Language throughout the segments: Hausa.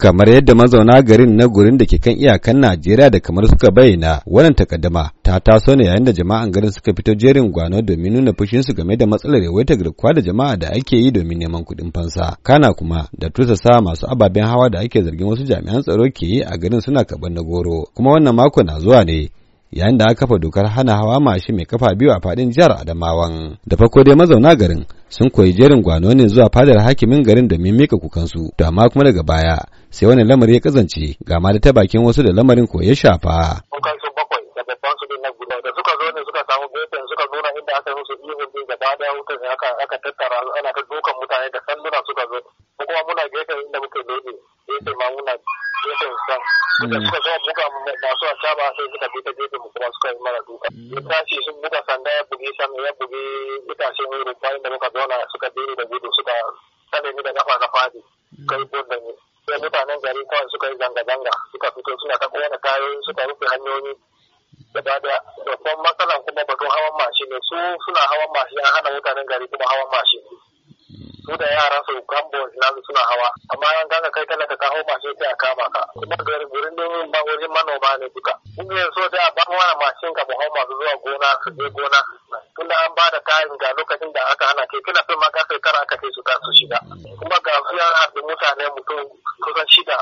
kamar yadda mazauna garin na gurin da ke kan iyakan Najeriya da kamar suka bayyana wannan takaddama ta taso ne yayin da jama'an garin suka fito jerin gwano domin nuna fushin su game da matsalar yawaitar garkuwa da jama'a da ake yi domin neman kuɗin fansa kana kuma da tursasa masu ababen hawa da ake zargin wasu jami'an tsaro ke yi a garin suna kaban na goro kuma wannan mako na zuwa ne yayin da aka kafa dokar hana hawa mashi mai kafa biyu a fadin jihar Adamawan. Da farko dai mazauna garin sun koyi jerin gwano ne zuwa fadar hakimin garin domin mika kukansu, to amma kuma daga baya sai wani lamari ya kazance ga ma da ta bakin wasu da lamarin ko ya shafa. bakwai da babban su na guda da suka zo ne suka samu gefen suka zo inda aka yi musu ihun gaba daya wutar aka tattara ana ta dokan mutane da sanduna suka gefen san hmm. suka zo buga masu wasa ba sai suka bi ta gefen mu kuma suka yi mara duka hmm. ya tashi sun buga sanda ya buge san ya buge itacen wuri bayan da muka zauna suka bi da gudu suka sane ni da kafa ka fadi hmm. kai da ni. sai mutanen gari kawai suka yi zanga-zanga suka fito suna ta kowane kayoyi suka rufe hanyoyi gaba da babban matsalan kuma batun hawan mashin ne su suna hawan mashin an hana mutanen gari kuma hawan mashin su da yaran su gambo na suna hawa amma an ganga kai talaka kawo mashin sai a kama ka kuma garin gurin domin ba wajen manoma ne duka in ne so sai a ba mana mashin ka mu hau masu zuwa gona su je gona tun da an ba da kayan ga lokacin da aka hana ke kina fin ma ka sai kar aka kai su ka su shiga kuma ga su yan harbi mutane mutum kusan shida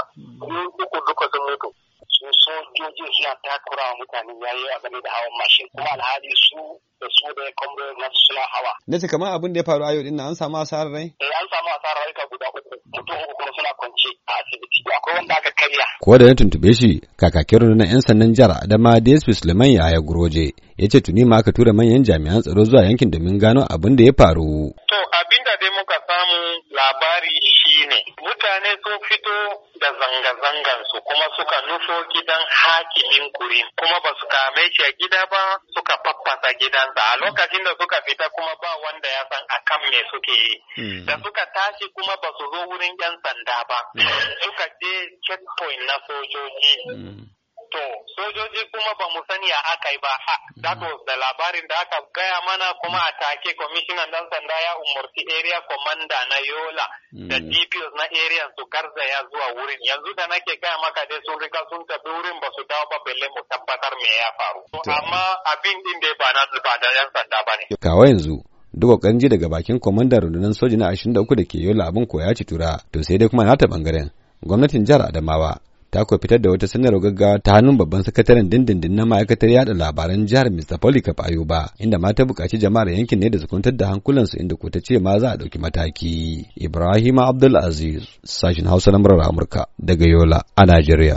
uku duka sun mutu sun so sojojin suna takura wa mutane yayi a game da hawan mashin kuma alhali su da su da kwamfurin nasu suna hawa. Na kamar abin da ya faru ayo dinna an samu asarar rai? Eh an samu asarar rai ka guda uku mutum uku kuma suna kwanci. Ko da na tuntube shi kakakin rundunar 'yan sannan jihar Adama DSP Suleiman Yahaya Guroje ya ce tuni ma aka tura manyan jami'an tsaro zuwa yankin domin gano abin da ya faru. To abin da dai muka samu labari shi ne. mutane sun fito da zanga-zangan su kuma suka nufo gidan hakimin kuri kuma ba su kame shi a gida ba suka faffasa gidansa a lokacin da suka fita kuma ba wanda ya san akan me suke yi hmm. da suka tashi kuma ba su zo wurin 'yan sanda ba hmm. suka je checkpoint na sojoji hmm. to sojoji kuma ba mu sani a aka yi ba that was da labarin da aka gaya mana kuma a take kwamishinan dan sanda ya umarci area commander na yola hmm. da dpos na area su garzaya zuwa wurin yanzu da nake gaya maka dai sun riga sun tafi wurin ba su dawo ba balle mu tabbatar me ya faru amma abin din dai ba na zuba da yan sanda ba ne kawai yanzu duk ji daga bakin kwamandan rundunar soji na 23 da ke yola abin koya ci tura to sai dai kuma na nata bangaren gwamnatin jihar adamawa ta kuwa fitar da wata sanarwar gaggawa ta hannun babban sakataren dindindin na ma'aikatar yada labaran jihar Mr. Polycarp Ayuba inda ma ta buƙaci jama'ar yankin ne da su kwantar da hankulansu inda ko ta ce ma za a ɗauki mataki. Ibrahim Abdul Aziz, sashin Hausa na murar Amurka daga Yola a Najeriya.